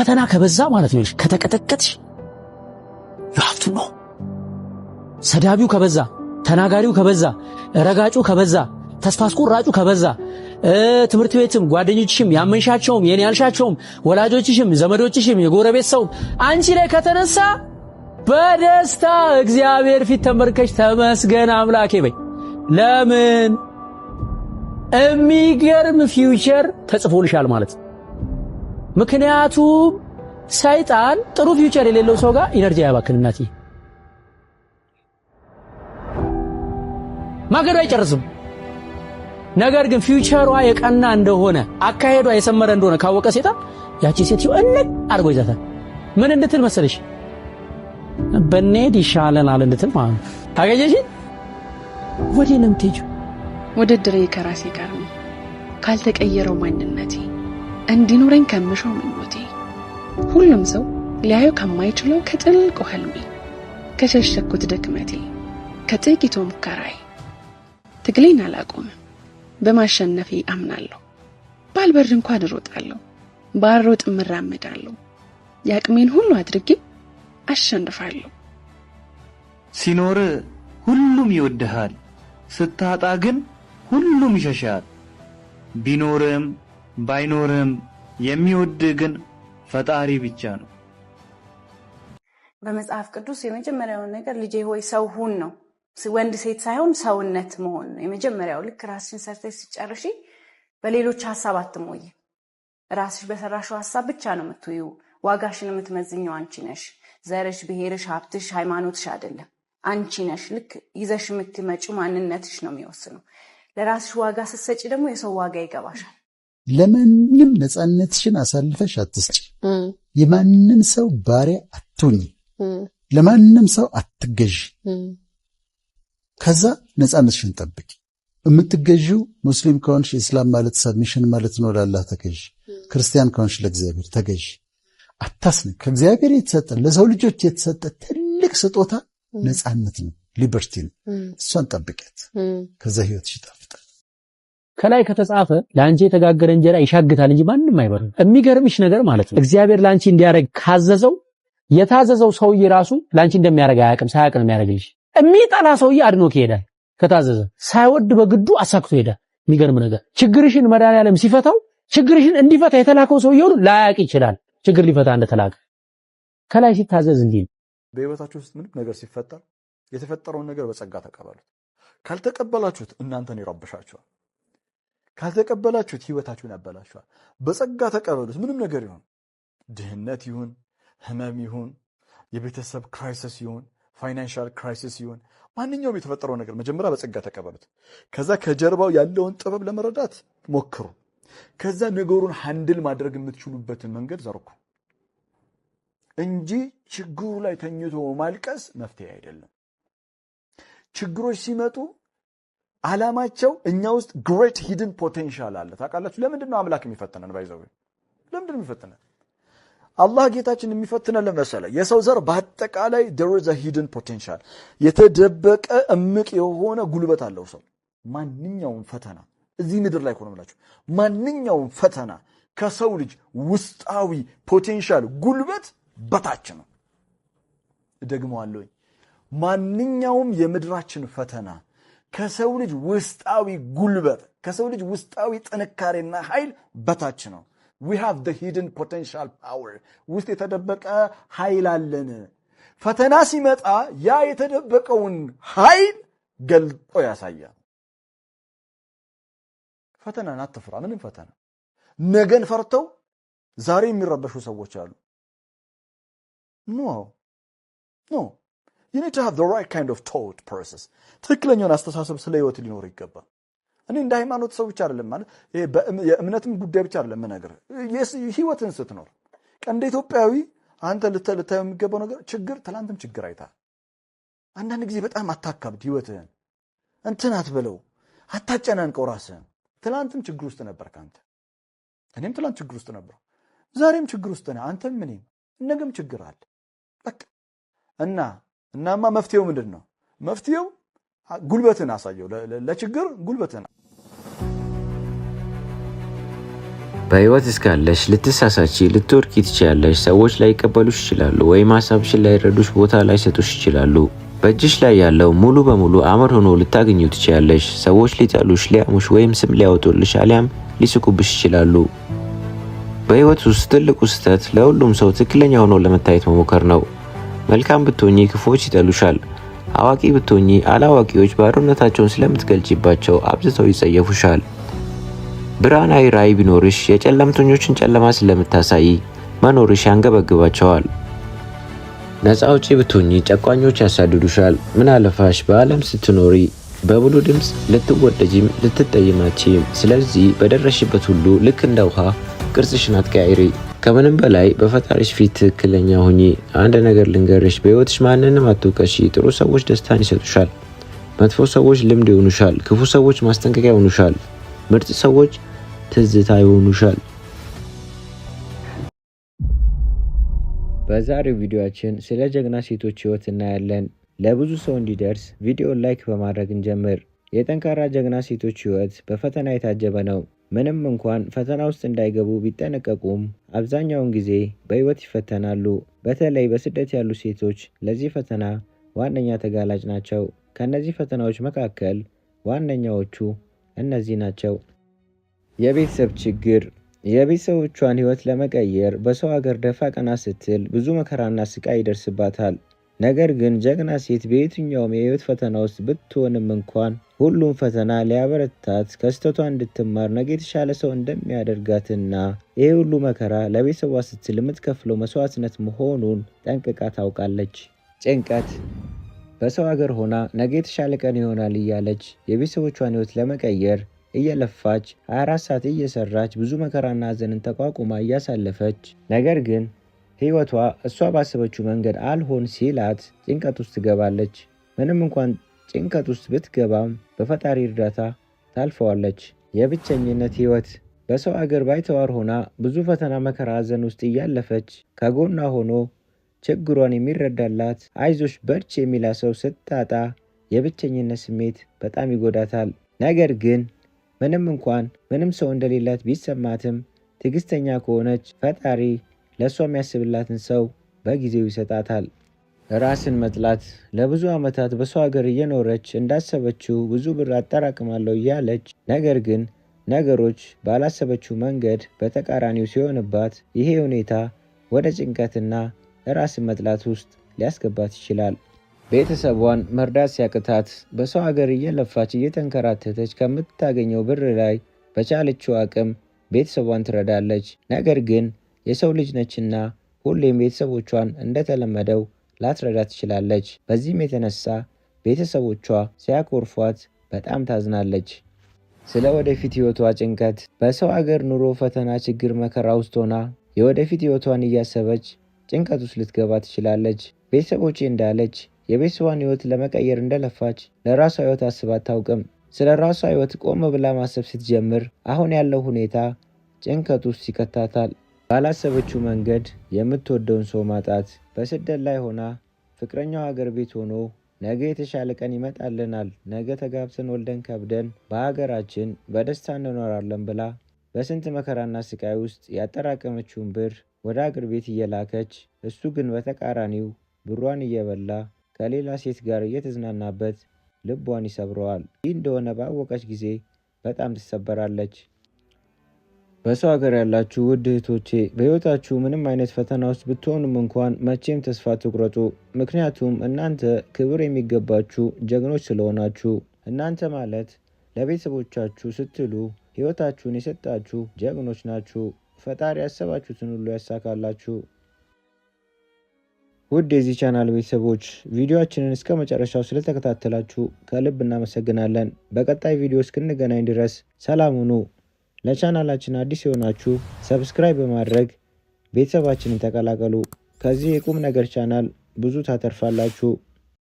ፈተና ከበዛ ማለት ነው ከተቀጠቀጥሽ ሀብቱ ነው። ሰዳቢው ከበዛ፣ ተናጋሪው ከበዛ፣ ረጋጩ ከበዛ፣ ተስፋ አስቆራጩ ከበዛ፣ ትምህርት ቤትም ጓደኞችሽም ያመንሻቸውም የኔ ያልሻቸውም ወላጆችሽም ዘመዶችሽም የጎረቤት ሰው አንቺ ላይ ከተነሳ በደስታ እግዚአብሔር ፊት ተመርከሽ ተመስገን አምላኬ በይ። ለምን? የሚገርም ፊውቸር ተጽፎልሻል ማለት ነው። ምክንያቱም ሰይጣን ጥሩ ፊውቸር የሌለው ሰው ጋር ኢነርጂ አያባክንናት። እናቴ ማገዶ አይጨርስም። ነገር ግን ፊውቸሯ የቀና እንደሆነ አካሄዷ የሰመረ እንደሆነ ካወቀ ሴጣን ያቺ ሴትዮ እንቅ አድርጎ ይዛታል። ምን እንድትል መሰለሽ በኔድ ይሻለናል እንድትል ማለት ነው። ታገኘሽ ወዴት ነው የምትሄጂው? ውድድሬ ከራሴ ጋር ነው ካልተቀየረው ማንነቴ እንዲኖረኝ ከምሻው ምኞቴ ሁሉም ሰው ሊያዩ ከማይችለው ከጥልቁ ህልሜ ከሸሸኩት ድክመቴ ከጥቂቱ ሙከራዬ ትግሌን አላቆምም፣ በማሸነፊ አምናለሁ። ባልበርድ እንኳን ድሮጣለሁ ባሮጥ እራመዳለሁ። የአቅሜን ሁሉ አድርጌ አሸንፋለሁ። ሲኖር ሁሉም ይወድሃል፣ ስታጣ ግን ሁሉም ይሸሻል። ቢኖርም ባይኖርህም የሚወድህ ግን ፈጣሪ ብቻ ነው። በመጽሐፍ ቅዱስ የመጀመሪያውን ነገር ልጄ ሆይ ሰው ሁን ነው። ወንድ ሴት ሳይሆን ሰውነት መሆን ነው የመጀመሪያው። ልክ ራስሽን ሰርተሽ ስጨርሽ በሌሎች ሀሳብ አትሞይ። ራስሽ በሰራሽው ሀሳብ ብቻ ነው የምትዩ። ዋጋሽን የምትመዝኘው አንቺ ነሽ። ዘርሽ፣ ብሔርሽ፣ ሀብትሽ፣ ሃይማኖትሽ አይደለም። አንቺ ነሽ። ልክ ይዘሽ የምትመጪው ማንነትሽ ነው የሚወስነው። ለራስሽ ዋጋ ስትሰጪ ደግሞ የሰው ዋጋ ይገባሻል። ለማንም ነፃነትሽን አሳልፈሽ አትስጪ። የማንም ሰው ባሪያ አትሁኝ። ለማንም ሰው አትገዢ። ከዛ ነፃነትሽን ጠብቂ። የምትገዢው ሙስሊም ከሆንሽ እስላም ማለት ሰብሚሽን ማለት ነው፣ ለአላህ ተገዢ። ክርስቲያን ከሆንሽ ለእግዚአብሔር ተገዢ። አታስነ ከእግዚአብሔር የተሰጠ ለሰው ልጆች የተሰጠ ትልቅ ስጦታ ነፃነት ነው፣ ሊበርቲ ነው። እሷን ጠብቂያት። ከዛ ህይወትሽ ይጠፋል። ከላይ ከተጻፈ ለአንቺ የተጋገረ እንጀራ ይሻግታል እንጂ ማንም አይበርም። የሚገርምሽ ነገር ማለት ነው እግዚአብሔር ለአንቺ እንዲያደርግ ካዘዘው የታዘዘው ሰውዬ ራሱ ለአንቺ እንደሚያደርግ አያውቅም። ሳያውቅ ነው የሚያደርግልሽ። የሚጠላ ሰውዬ አድኖ ይሄዳል። ከታዘዘ ሳይወድ በግዱ አሳክቶ ይሄዳል። የሚገርም ነገር ችግርሽን መድኃኒዓለም ሲፈታው ችግርሽን እንዲፈታ የተላከው ሰውዬው ላያውቅ ይችላል ችግር ሊፈታ እንደተላከ። ከላይ ሲታዘዝ እንዲህ ነው። በህይወታችሁ ውስጥ ምንም ነገር ሲፈጠር የተፈጠረውን ነገር በጸጋ ተቀበሉት። ካልተቀበላችሁት እናንተን ይረብሻቸዋል። ካልተቀበላችሁት ህይወታችሁን ያበላችኋል። በጸጋ ተቀበሉት። ምንም ነገር ይሁን፣ ድህነት ይሁን፣ ህመም ይሁን፣ የቤተሰብ ክራይሲስ ይሁን፣ ፋይናንሻል ክራይሲስ ይሁን፣ ማንኛውም የተፈጠረው ነገር መጀመሪያ በጸጋ ተቀበሉት። ከዛ ከጀርባው ያለውን ጥበብ ለመረዳት ሞክሩ። ከዛ ነገሩን ሃንድል ማድረግ የምትችሉበትን መንገድ ዘርኩ እንጂ ችግሩ ላይ ተኝቶ ማልቀስ መፍትሄ አይደለም። ችግሮች ሲመጡ አላማቸው እኛ ውስጥ ግሬት ሂድን ፖቴንሻል አለ። ታውቃላችሁ፣ ለምንድን ነው አምላክ የሚፈትነን? ባይዘው ለምንድን ነው የሚፈትነን? አላህ ጌታችን የሚፈትነን ለመሰለ የሰው ዘር በአጠቃላይ ደሮዘ ሂድን ፖቴንሻል፣ የተደበቀ እምቅ የሆነ ጉልበት አለው ሰው። ማንኛውም ፈተና እዚህ ምድር ላይ ሆነ ብላችሁ ማንኛውም ፈተና ከሰው ልጅ ውስጣዊ ፖቴንሻል ጉልበት በታች ነው። እደግመዋለሁኝ፣ ማንኛውም የምድራችን ፈተና ከሰው ልጅ ውስጣዊ ጉልበት ከሰው ልጅ ውስጣዊ ጥንካሬና ኃይል በታች ነው። ዊ ሃቭ ደ ሂድን ፖቴንሻል ፓወር ውስጥ የተደበቀ ኃይል አለን። ፈተና ሲመጣ ያ የተደበቀውን ኃይል ገልጦ ያሳያል። ፈተናን አትፍራ። ምንም ፈተና ነገን ፈርተው ዛሬ የሚረበሹ ሰዎች አሉ። ኖ ኖ you need to have the right kind of thought process ትክክለኛውን አስተሳሰብ ስለ ህይወት ሊኖር ይገባል። እኔ እንደ ሃይማኖት ሰው ብቻ አይደለም ማለት የእምነትም ጉዳይ ብቻ አይደለም ነገር ህይወትን ስትኖር እንደ ኢትዮጵያዊ አንተ ልታየው የሚገባው ነገር ችግር ትላንትም ችግር አይታ አንዳንድ ጊዜ በጣም አታካብድ ህይወትህን እንትን አትበለው፣ አታጨናንቀው ራስህን። ትላንትም ችግር ውስጥ ነበር ከአንተ እኔም ትላንት ችግር ውስጥ ነበር፣ ዛሬም ችግር ውስጥ ነህ አንተም እኔም፣ ነገም ችግር አለ። በቃ እና እናማ መፍትሄው ምንድን ነው? መፍትሄው ጉልበትን አሳየው፣ ለችግር ጉልበትን። በህይወት እስካለሽ ልትሳሳች ልትወርቂ ትችያለሽ። ሰዎች ላይቀበሉሽ ይችላሉ፣ ወይም ሀሳብሽን ላይረዱሽ፣ ቦታ ላይሰጡሽ ይችላሉ። በእጅሽ ላይ ያለው ሙሉ በሙሉ አመድ ሆኖ ልታገኙ ትችያለሽ። ሰዎች ሊጠሉሽ፣ ሊያሙሽ፣ ወይም ስም ሊያወጡልሽ አሊያም ሊስቁብሽ ይችላሉ። በህይወት ውስጥ ትልቁ ስህተት ለሁሉም ሰው ትክክለኛ ሆኖ ለመታየት መሞከር ነው። መልካም ብትሆኚ ክፉዎች ይጠሉሻል። አዋቂ ብትሆኚ አላዋቂዎች ባዶነታቸውን ስለምትገልጭባቸው አብዝተው ይጸየፉሻል። ብርሃናዊ ራዕይ ቢኖርሽ የጨለምተኞችን ጨለማ ስለምታሳይ መኖርሽ ያንገበግባቸዋል። ነፃ አውጪ ብትሆኚ ጨቋኞች ያሳድዱሻል። ምን አለፋሽ በዓለም ስትኖሪ በሙሉ ድምፅ ልትወደጂም ልትጠይማችም። ስለዚህ በደረሽበት ሁሉ ልክ እንደ ውሃ ቅርጽሽን አትቀያይሪ። ከምንም በላይ በፈጣሪሽ ፊት ትክክለኛ ሁኚ። አንድ ነገር ልንገርሽ፣ በህይወትሽ ማንንም አትውቀሺ። ጥሩ ሰዎች ደስታን ይሰጡሻል፣ መጥፎ ሰዎች ልምድ ይሆኑሻል፣ ክፉ ሰዎች ማስጠንቀቂያ ይሆኑሻል፣ ምርጥ ሰዎች ትዝታ ይሆኑሻል። በዛሬው ቪዲዮአችን ስለ ጀግና ሴቶች ህይወት እናያለን። ለብዙ ሰው እንዲደርስ ቪዲዮን ላይክ በማድረግ እንጀምር። የጠንካራ ጀግና ሴቶች ህይወት በፈተና የታጀበ ነው። ምንም እንኳን ፈተና ውስጥ እንዳይገቡ ቢጠነቀቁም አብዛኛውን ጊዜ በሕይወት ይፈተናሉ። በተለይ በስደት ያሉ ሴቶች ለዚህ ፈተና ዋነኛ ተጋላጭ ናቸው። ከእነዚህ ፈተናዎች መካከል ዋነኛዎቹ እነዚህ ናቸው። የቤተሰብ ችግር። የቤተሰቦቿን ሕይወት ለመቀየር በሰው ሀገር ደፋ ቀና ስትል ብዙ መከራና ስቃይ ይደርስባታል። ነገር ግን ጀግና ሴት በየትኛውም የህይወት ፈተና ውስጥ ብትሆንም እንኳን ሁሉም ፈተና ሊያበረታት፣ ከስተቷ እንድትማር ነገ የተሻለ ሰው እንደሚያደርጋትና ይህ ሁሉ መከራ ለቤተሰቧ ስትል የምትከፍለው መስዋዕትነት መሆኑን ጠንቅቃ ታውቃለች። ጭንቀት በሰው አገር ሆና ነገ የተሻለ ቀን ይሆናል እያለች የቤተሰቦቿን ህይወት ለመቀየር እየለፋች 24 ሰዓት እየሰራች ብዙ መከራና ሀዘንን ተቋቁማ እያሳለፈች ነገር ግን ሕይወቷ እሷ ባሰበችው መንገድ አልሆን ሲላት ጭንቀት ውስጥ ትገባለች። ምንም እንኳን ጭንቀት ውስጥ ብትገባም በፈጣሪ እርዳታ ታልፈዋለች። የብቸኝነት ሕይወት በሰው አገር ባይተዋር ሆና ብዙ ፈተና፣ መከራ፣ ሐዘን ውስጥ እያለፈች ከጎኗ ሆኖ ችግሯን የሚረዳላት አይዞሽ በርች የሚላ ሰው ስታጣ የብቸኝነት ስሜት በጣም ይጎዳታል። ነገር ግን ምንም እንኳን ምንም ሰው እንደሌላት ቢሰማትም ትዕግስተኛ ከሆነች ፈጣሪ ለእሷ የሚያስብላትን ሰው በጊዜው ይሰጣታል። ራስን መጥላት ለብዙ ዓመታት በሰው ሀገር እየኖረች እንዳሰበችው ብዙ ብር አጠራቅማለሁ እያለች ነገር ግን ነገሮች ባላሰበችው መንገድ በተቃራኒው ሲሆንባት ይሄ ሁኔታ ወደ ጭንቀትና ራስን መጥላት ውስጥ ሊያስገባት ይችላል። ቤተሰቧን መርዳት ሲያቅታት በሰው ሀገር እየለፋች እየተንከራተተች ከምታገኘው ብር ላይ በቻለችው አቅም ቤተሰቧን ትረዳለች። ነገር ግን የሰው ልጅ ነችና ሁሌም ቤተሰቦቿን እንደተለመደው ላትረዳ ትችላለች። በዚህም የተነሳ ቤተሰቦቿ ሲያኮርፏት በጣም ታዝናለች። ስለ ወደፊት ህይወቷ ጭንቀት በሰው አገር ኑሮ ፈተና፣ ችግር፣ መከራ ውስጥ ሆና የወደፊት ህይወቷን እያሰበች ጭንቀት ውስጥ ልትገባ ትችላለች። ቤተሰቦቼ እንዳለች የቤተሰቧን ህይወት ለመቀየር እንደለፋች ለራሷ ህይወት አስባ አታውቅም። ስለ ራሷ ህይወት ቆም ብላ ማሰብ ስትጀምር አሁን ያለው ሁኔታ ጭንቀት ውስጥ ይከታታል። ባላሰበችው መንገድ የምትወደውን ሰው ማጣት፣ በስደት ላይ ሆና ፍቅረኛው ሀገር ቤት ሆኖ ነገ የተሻለ ቀን ይመጣልናል፣ ነገ ተጋብተን ወልደን ከብደን በሀገራችን በደስታ እንኖራለን ብላ በስንት መከራና ስቃይ ውስጥ ያጠራቀመችውን ብር ወደ አገር ቤት እየላከች እሱ ግን በተቃራኒው ብሯን እየበላ ከሌላ ሴት ጋር እየተዝናናበት ልቧን ይሰብረዋል። ይህ እንደሆነ ባወቀች ጊዜ በጣም ትሰበራለች። በሰው ሀገር ያላችሁ ውድ እህቶቼ በሕይወታችሁ ምንም አይነት ፈተና ውስጥ ብትሆኑም እንኳን መቼም ተስፋ ትቁረጡ። ምክንያቱም እናንተ ክብር የሚገባችሁ ጀግኖች ስለሆናችሁ፣ እናንተ ማለት ለቤተሰቦቻችሁ ስትሉ ሕይወታችሁን የሰጣችሁ ጀግኖች ናችሁ። ፈጣሪ ያሰባችሁትን ሁሉ ያሳካላችሁ። ውድ የዚህ ቻናል ቤተሰቦች ቪዲዮችንን እስከ መጨረሻው ስለተከታተላችሁ ከልብ እናመሰግናለን። በቀጣይ ቪዲዮ እስክንገናኝ ድረስ ሰላም ሁኑ። ለቻናላችን አዲስ የሆናችሁ ሰብስክራይብ በማድረግ ቤተሰባችንን ተቀላቀሉ። ከዚህ የቁም ነገር ቻናል ብዙ ታተርፋላችሁ።